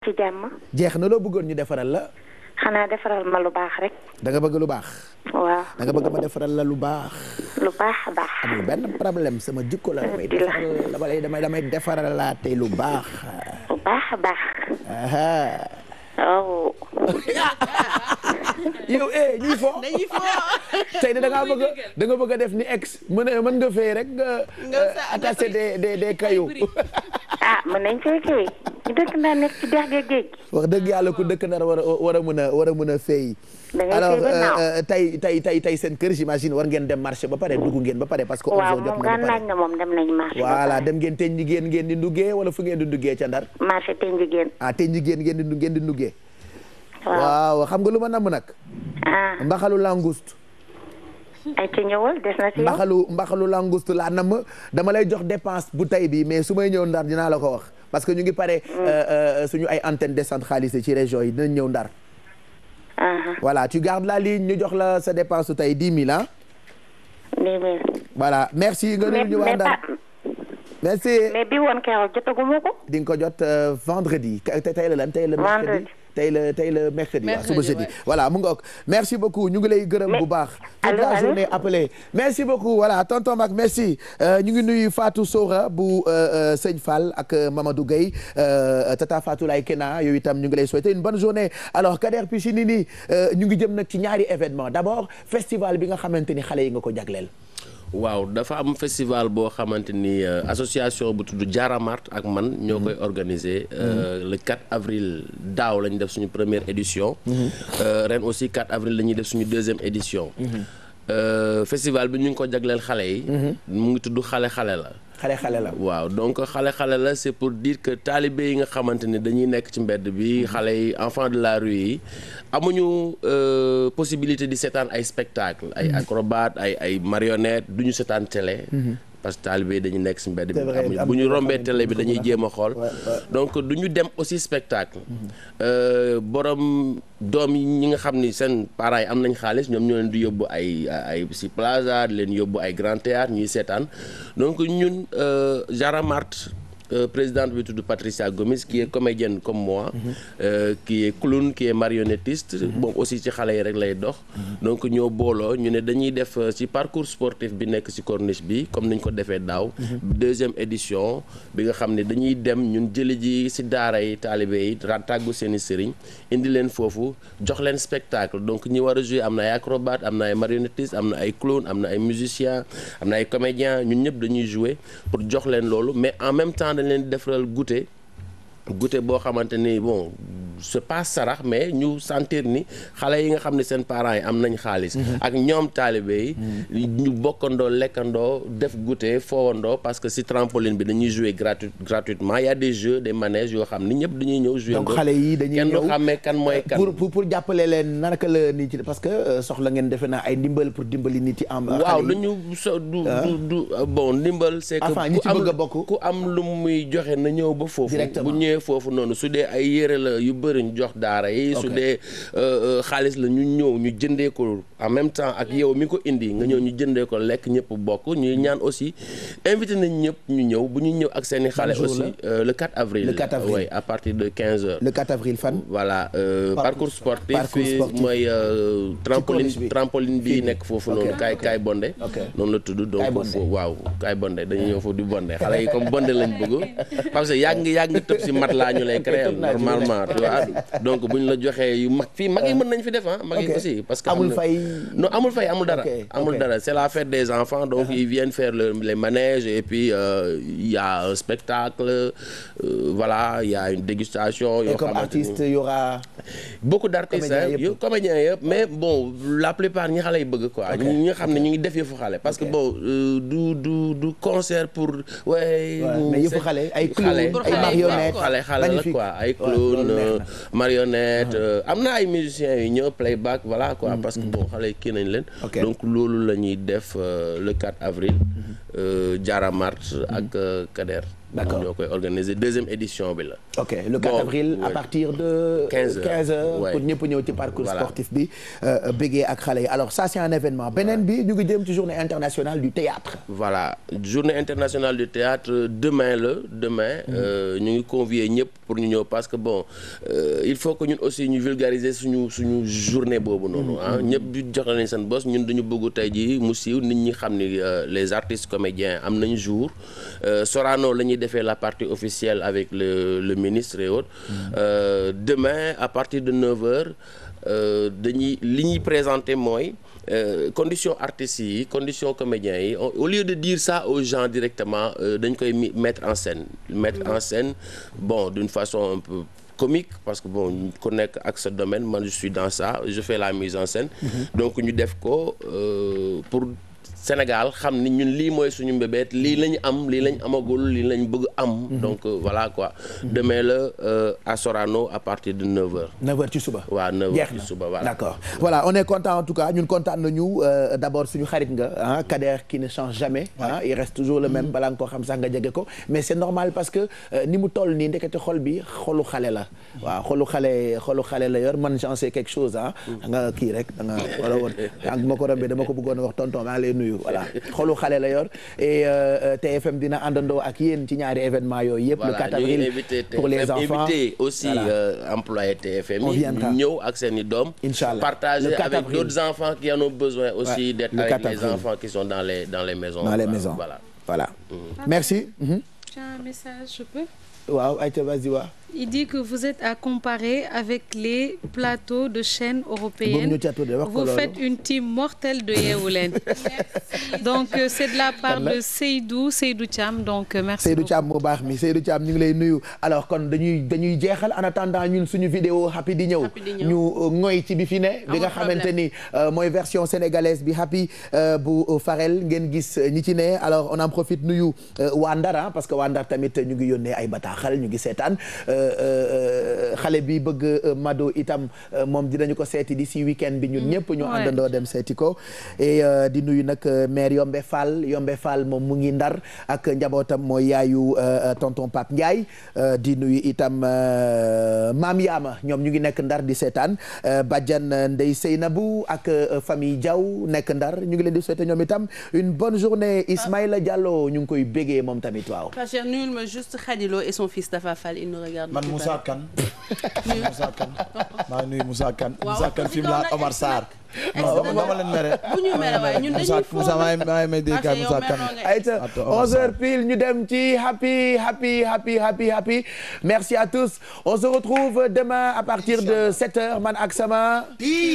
ci jeex na loo bëggoon ñu defaral la. xanaa defaral ma lu baax rek. danga nga bëgg lu baax. waaw danga nga ma defaral la lu baax. lu baax baax. sama jikko la damay defaral damay damay lu baax. lu baax oh. yow eh ñuy fo. dañuy fo tey da bëgg def ni ex mën na mën nga fee rek. nga eh, attaché des ah mën nañ cee kii. dëkk ndar nekk ci dëgg yàlla ku dëkk ndar wara a mën a war a mën a feey alors euh, euh, tey tey tey tey seen kër j'imagine war ngeen dem marché ba pare dugg ngeen ba pare parce que waaw dem nañ marché voilà dem ngeen teñ di duggee wala fu ngeen di duggee ca ndar marché teñ jigéen ah, ngeen di ngeen di duggee waaw xam nga lu ma namm nag ah. mbaxalu langouste ay ci ñëwal des na ci mbaxalu mbaxalu laa namm dama lay jox dépense bu tey bi mais su may ñëw ndar dinaa la ko wax parce que ñu ngi pare. Mm. Euh, euh, suñu ay antenne décentralisée ci région yi dinañ ñëw ndar. voilà tu gardes la ligne ñu jox la sa dépense su tey dix mille voilà merci. nga nuyu ñu waa ndar merci mais bi woon keroog jotaguma ko. di nga ko jot euh, vendredi tey la lan tey la. vendredi. tey la tey la mercredi waaw suba jeudi voilà mu ngoog merci beaucoup ñu ngi lay gërëm bu baax toute la journée appelé merci beaucoup voilà tonton Mac merci euh, ñu ngi nuyu faatu Sora bu euh, euh, Sëñ Fall ak Mamadou Gueye tata Fatou Lay Kena yooyu itam ñu ngi lay souhaiter une bonne journée alors Kader Pichini nii ñu ngi jëm nag ci ñaari événement d'abord festival bi nga xamante ni xale yi nga ko jagleel waaw dafa am festival boo xamante ni euh, association bu tudd Jaaramart ak man. ñoo mhm. koy organiser. Euh, mhm. le 4 avril daaw la def suñu première édition. Mhm. Euh, ren aussi 4 avril la ñuy def suñu deuxième édition. festival bi ñu ngi ko jagleel xale yi. mu ngi tudd xale xale la. xale-xale la waaw donc xale-xale la c'est pour dire que taalibe yi nga xamante ni dañuy nekk ci mbedd bi xale yi enfant de la rue yi amuñu euh, possibilité di seetaan ay spectacle ay acrobate ay ay marionnette duñu seetaan télé mm-hmm. parce que taalibe yi dañu nekk si mbedd bi amuñu bu ñu rombee télé bi dañuy jéem a xool donc du ñu dem aussi spectacle mhm. euh, borom doom ñi nga xam ni seen parents yi am nañ xaalis ñoom ñoo leen di yóbbu ay ay si plaza leen yóbbu ay grand théâtre ñuy seetaan donc ñun euh, Jaramart Euh, présidente bi tudd Patricia Gomis qui est comédienne comme moi. Mhm. Euh, qui est clown qui est marionnettiste. Mhm. bon aussi ci xale yi rek lay dox. Mhm. donc ñoo booloo ñu ne dañuy def euh, ci parcours sportif bi nekk ci corniche bi comme niñ ko defee daaw. deuxième édition bi nga xam ne dañuy dem ñun jëli ji ci daara yi taalibe yi tàggu seeni sëriñ indi leen foofu jox leen spectacle donc ñi war a jouer am na ay acrobate am na ay marionnettiste am na ay clown am na ay musicien am na ay comédien ñun ñëpp dañuy jouer pour jox leen loolu mais dañ leen di defaral goûter goûter boo xamante ni bon c'est pas sarax mais ñu sentir ni xale yi nga xam ne seen parents yi am nañ xaalis. Mhm. ak ñoom taalibe yi. Mhm. ñu bokkandoo lekkandoo def goûter foowandoo parce que si trampoline bi dañuy jouer gratuit gratuitement y a des jeux des manèges yoo xam ni ñëpp dañuy ñëw. jouer donc xale yi dañuy ñëw kenn du xàmmee kan mooy euh, kan. que euh, soxla ngeen defe naa ay ndimbal pour dimbali nit yi am. waaw dañu so du du ah. euh, bon ndimbal. c'est que ku am ku am lu muy joxe na ñëw ba foofu. bu ñëwee foofu noonu su dee ay yére la yu bëri bëri ñu jox daara yi. su dee euh, euh, xaalis la ñu ñëw ñu jëndee ko en même temps ak yow mi ko indi nga ñëw ñu jëndee ko lekk ñëpp bokk ñuy ñaan aussi invité nañ ñëpp ñu ñëw bu ñu ñëw ak seen i xale. aussi euh, le 4 avril. le 4 avril à partir de 15 heures. le 4 avril fan. voilà parcours sportif. parcours sportif mooy trampoline trampoline bi nekk foofu noonu. kaay kaay bondé. noonu la tudd donc foofu waaw kaay bondé dañuy ñëw foofu di bondé xale yi comme bondé lañ bëgg parce yàgg nga yàgg nga tëb si mat laa ñu lay créer normalement. bi donc buñ la joxee yu mag fii mag yi mën nañ fi def ah mag yi aussi parce que amul fay non amul fay amul dara amul dara c'est la fête des enfants donc ah. ils viennent faire les manèges et puis euh, il y a un spectacle euh, voilà il y a une dégustation yoo comme artiste y aura beaucoup d'artistes comédiens yëpp mais bon la plupart ñi xale yi bëgg quoi ñi nga xam ne ñu ngi def yëfu xale parce que bon euh, du du du concert pour ouais mais yëfu xale ay clown ay marionnette xale xale la quoi ay clown marionnette euh, am na ay musiciens yu ñëw playback voilà quoi mm-hmm. parce que bon xale yi kii nañ leen donc loolu la ñuy def euh, le 4 avril Diarra mm-hmm. euh, Mart ak Kader d'accord ñoo koy deuxième édition bi la. ok le 4 bon, avril ouais. à partir de. heures pour ñëpp ñëw ci parcours voilà. sportif bi. Euh, bëggee ak xale yi alors ça c'est un événement. beneen bi ñu ngi jëm ci journée internationale du théâtre. voilà journée internationale du théâtre demain la demain. Mm. Euh, ñu ngi convier ñëpp pour ñu ñëw parce que bon euh, il faut que ñun aussi ñu vulgariser suñu suñu journée boobu noonu. Mm, ah mm, ñëpp di jox nañu seen bos ñun dañu bëggu tey jii mu siiw nit ñi xam ni euh, les artistes comédiens am nañu jour defee la partie officielle avec le le ministre et autres. Euh, demain à partir de 9h euh, dañuy li ñuy présenter mooy. Euh, conditions artistes yi condition comédiens yi au lieu de dire ça aux gens directement euh, dañ koy mettre en scène mettre en scène bon d'une façon un peu comique parce que bon ku nekk ak sa domaine man je suis dans ça je fais la mise en scène mm-hmm. donc ñu def ko euh, pour Sénégal xam ni ñun lii mooy suñu mbébét lii lañ am lii lañ amagul lii lañ bëgg am. Mhm. donc euh, voilà quoi. demain la euh, à Sorano à partir de 9h. 9h ci suba. waaw 9h ci suba waa d'accord voilà on est content en tout cas ñun content nañu euh, d'abord suñu xarit nga ah Kader qui ne change jamais. ah il reste toujours le même mhm. balaa nga ko xam sax nga jege ko mais c'est normal parce que ni mu toll nii ndekete xol bi xolu xale la. waaw xolu xale xolu xale la yor man j'en sais quelque chose yooyu voilà xolu xale la yor et euh, euh, TFM dina àndandoo ak yéen ci ñaari événement yooyu yëpp le 4 avril pour les enfants éviter aussi euh, employé TFM yi ñëw ak seen i doom inchallah partager avec d'autres enfants qui en ont besoin aussi d'être les enfants qui sont dans les maisons dans les maisons voilà mm. Il dit que vous êtes à comparer avec les plateaux de chaînes européennes. Vous faites une team mortelle de Yeewu Leen. Donc euh, c'est de la part de Seydou Seydou Thiam donc euh, merci. Seydou Thiam moo baax mi Seydou Thiam ñu ngi lay nuyu alors kon dañuy dañuy jeexal en attendant ñun suñu vidéo happy di ñëw ñu euh, ngoy ci bi fine bi nga xamante ni mooy version sénégalaise bi happy bu Farel ngeen gis ñi ci ne alors on en profite nuyu waa ah, parce que wandar Ndar tamit ñu ngi yónnee ay bataaxal ñu ngi seetaan Euh, euh, xale bi bëgg euh, Mado itam moom dinañu ko seeti di si weekend bi ñun mm. ñëpp ñu àndandoo dem seeti ko et di nuyu nag mair Yombe Fall Yombe Fall moom mu ngi ndar ak njabootam mooy yaayu tonton Pape Ndiaye di nuyu itam maam yaama ñoom ñu ngi nekk ndar di seetaan Badiane Ndeye Seynabou ak famille Diaw nekk ndar ñu ngi leen di souhaiter ñoom itam une bonne journée ah. Ismaïla Diallo ñu ngi koy bégee moom tamit waaw. man Moussa Kane Moussa Kane maa ngi nuyu Moussa Kane Moussa Kane fi mu Omar Sarr ñu maa may dégg Moussa Kane ayca onze dem ci happy happy happy happy happy merci à tous on se retrouve demain à partir de sept heures man ak